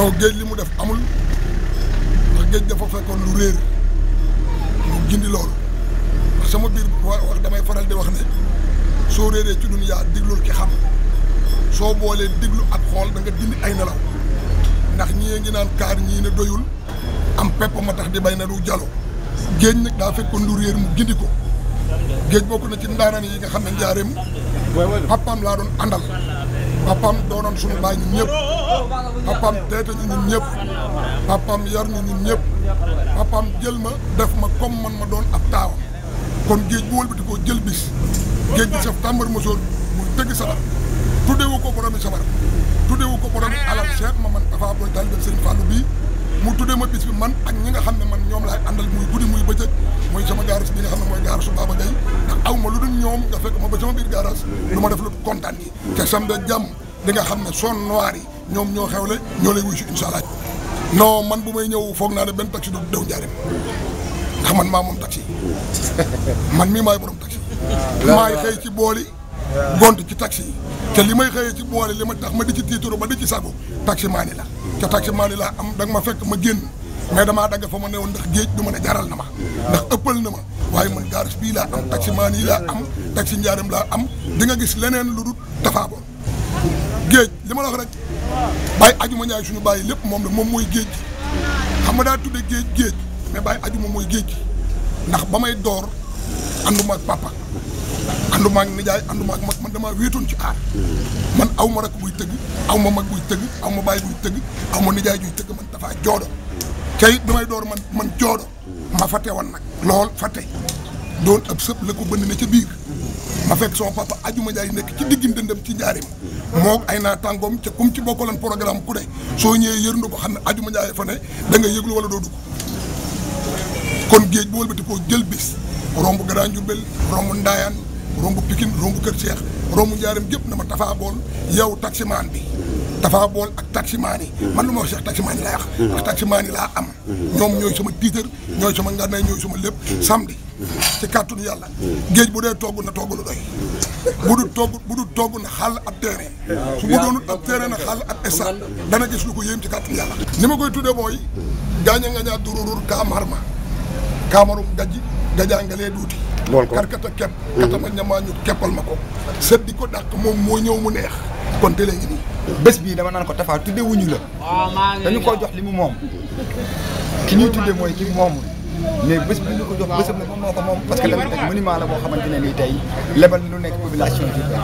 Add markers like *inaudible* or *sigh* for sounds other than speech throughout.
non géej li mu def amul ndax géej dafa fekkoon lu réer mu gindi lool sama biir wax damay faral di wax ne soo réeree ci dunyaa diglul ki xam soo boolee diglu ak xool da nga ay nelaw ndax ñii ngi naan kaar ñii ne doyul am pepp ma tax di bay na du jalo géej nag daa fekkoon lu réer mu gindi ko géej bokk na ci ndaanaan yi nga xam ne njaareem papaam laa doon àndal papam doonoon suñu baay ñun ñëpp papam teete ñu ñun ñëpp papam yar ñu ñun ñëpp papam jël ma def ma comme man ma doon ab taawam kon géej bu wëlbati ko jël bis géej gi saf tàmbar mosoor mu tëgg sabar tuddewu ko boromi sabar tuddewu ko boromi alal Cheikh ma man dafa booy taalibe seen Fallou bi mu tuddee ma bis bi man ak ñi nga xam ne man ñoom laay àndal muy guddi muy bëccëg mooy sama gaaru bi nga xam ne mooy gaaru su Baba Gaye ndax aw lu ñoom nga fekk ma ba sama biir garage lu ma def lu kontaan yi te samedi ak jàmm di nga xam ne son noir yi ñoom ñoo xewle ñoo lay wuy si incha allah man bu may ñëw foog naa ne benn taxi du dew njaarim ndax man maa moom taxi man mii maay borom taxi maay xëy ci booli gont ci taxi te li may xëyee ci boole li ma tax ma di ci tiitoro ma di ci sago taxi maani la te taxi maani la am da ma fekk ma génn mais damaa dagg fa ma ne woon ndax géej du ma ne jaral na ma ndax ëppal na ma waaye man garage bii laa am taxi maan yi laa am taxi njaaram laa am di nga gis leneen lu dul tafaaboon géej li ma la wax rek bàyyi ajuma ñaay suñu bàyyi lépp moom la moom mooy géej gi xam nga daa tudde géej géej mais bàyyi ajuma mooy géej ndax ba may door ànduma ak papa ànduma ak nijaay ànduma mag man damaa wéetoon ci aar man aw ma rek buy tëgg aw ma mag buy tëgg aw ma bàyyi buy tëgg aw ma nijaay buy tëgg man dafaa joodo tey bi may door man man joodo ma fa teewoon nag lool fa tey doon ab sëpp la ko bënd ne ca biir ma fekk sama papa ma njaay nekk ci diggi ndëndam ci njaarim moo ay naa tàngoom ca kum ci bokkaloon programme ku ne soo ñëwee yërndu ko xam ne ajuma njaay fa ne da nga yëglu wala doo dugg kon géej bu wëlbati koo jël bis romb Grand Diourbel romb Ndaayaan romb Pikine romb Kër Cheikh romb njaaram gépp na ma Tapha Bool yow taximaan bi Tapha Bool ak taximaan man lu ma wax sax taximaan yi laa wax ndax taximaan laa am ñoom ñooy sama tiitër ñooy sama ngànnaay ñooy sama lépp samedi si kàttanu yàlla géej bu dee togg na togg lu doy bu du togg bu du na xàll ab terrain su bu doonut ab terrain na xàll a esa dana gis lu ko yéem ci kàttanu yàlla ni ma koy tuddee mooy gaañ a nga ñaa dururur ka am xarma kamarum daji dajangalee duuti karkata kepp mm-hmm. katama ñamaañu keppal ma ko set di ko dàq moom moo ñëw mu neex kon te léegi nii bés bii dama naan ko tafaa tudde wuñu la dañu ko jox li mu moom ki ñuy tudde mooy ki moomul mais bés bi ñu ko jox bésam na moom moo ko moom parce que la nekk monument la boo xamante ne nii tey lebal lu nekk population Diourbel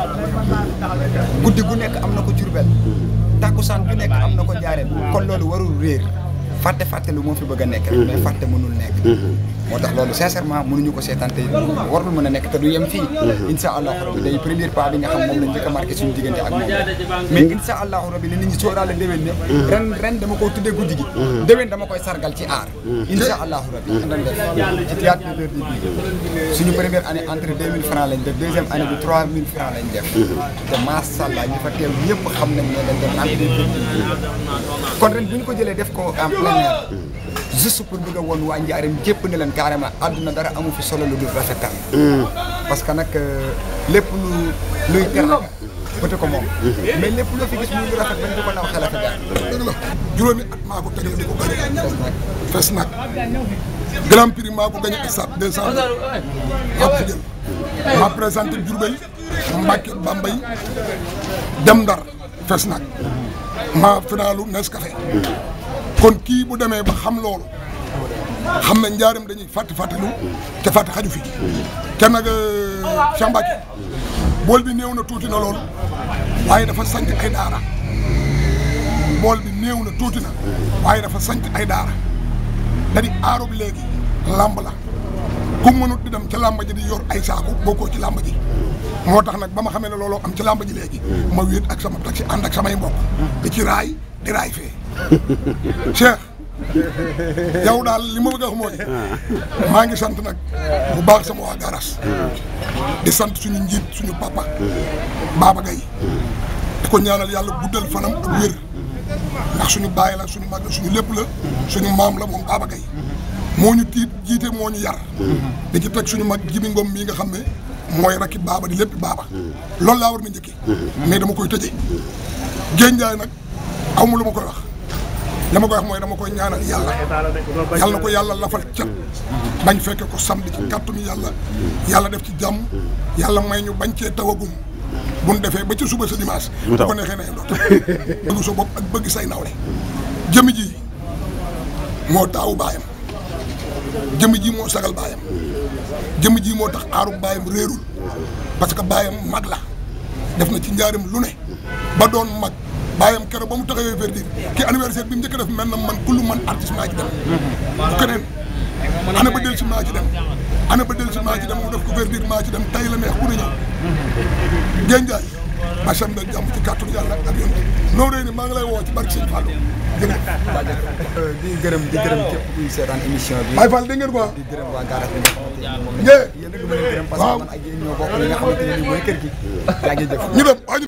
guddi gu nekk am na ko Diourbel tàkkusaan bu nekk am na ko Njaaréem kon loolu warul réer fàtte fàtte lu moo fi bëgg a nekk rek mhm. mais fàtte mënul nekk mhm. moo tax loolu sincèrement mënuñu ko seetaan te warul mën a nekk te du yem fii mhm. insha allahu rabi day premier pas bi ne ren dama koy tuddee guddi gi déwén dama koy sargal ci aar insha allahu rabi andan def ci théâtre de bi suñu première année entre deux mille francs lañ def deuxième année bi trois mille francs lañ def te maasàllaa ñi fa teew ñëpp xam nañ ne dañ doon entre kon ren bu ñu ko jëlee def ko en plein air juste pour bëgg a woon waa Njaareem jépp ne leen carrément àdduna dara amu fi solo lu dul rafetal parce que nag euh, lépp lu luy teranga bëte ko moom mais lépp loo fi gis muy lu rafet bañ di ko naw xelafe daal dëgg la juróomi at maa ko tegal di ko gagné fes nag grand prix maa ko gagné dem Ndar fes nag maa finaalu Nescafé kon kii bu demee ba xam loolu xam na njaaram dañuy fàtti fàttelu te fàtti xaju fi te nag euh, Cheikh Mbacke bool bi néew na tuuti na lool waaye dafa sanc ay daara bool bi néew na tuuti na waaye dafa sanc ay daara dadi aarub léegi làmb la ku mënut di dem ca lamba ji di yor ay saaku bokkoo ci làmb ji moo tax nag ba ma xamee ne looloo am ci ba ji léegi. ma wéet ak sama taxi ànd ak samay mbokk. di ci raay di raay fee. *laughs* Cheikh yow daal li ma bëgg a wax ah. maa ngi sant nag bu baax sama waa garas. Ah. di sant suñu njiit suñu papa. Baba Gaye di ko ñaanal yàlla guddal fanam ak wér. ndax suñu baay la suñu mag la suñu lépp la. suñu maam la moom Baba Gaye moo ñu tiit jiite moo ñu yar. Ah. di ci teg suñu mag jibi mii nga xam ne. mooy rakki baaba di lépp baaba. Hmm. loolu laa war na njëkkee. Hmm. mais dama koy tëjee. Hmm. géej njaay nag amu lu ma koy wax. dama ma koy wax mooy dama koy ñaanal yàlla yàlla na ko yàlla lafal cat bañ fekke ko samedi ci kàttanu yàlla yàlla def ci jàmm yàlla may ñu bañ cee tawagum bu nu defee ba ci suba sa dimanche bu ko neexee nañ doot bëgg *laughs* sa bopp ak bëgg say nawle jëmi ji moo taawu baayam jëmi ji moo sagal baayam jëmm ji moo tax aaru baayam réerul parce que baayam mag la def na ci njaarim lu ne ba doon mag baayam keroog ba mu taxawee verdir kii anniversaire bi mu njëkk def mel na man kullu man artiste maa ci dem bu keneen ana ba del si maa ci dem ana ba del si maa dem mu def ko verdir maa ci dem tay la neex ku ne ñëw génjaay macam da jàmm ci kàttu yàlla ak yoon noonu rëy ni maa ngi lay woo ci barke Sëñ di gërëm di gërëm képp kuy seetaan émission bi. ay Fall dégg ngeen di gërëm waa garage bi nga a ngi mën a gërëm parce que man ak yéen ñoo bokk li nga gi. ngi jëf ñu dem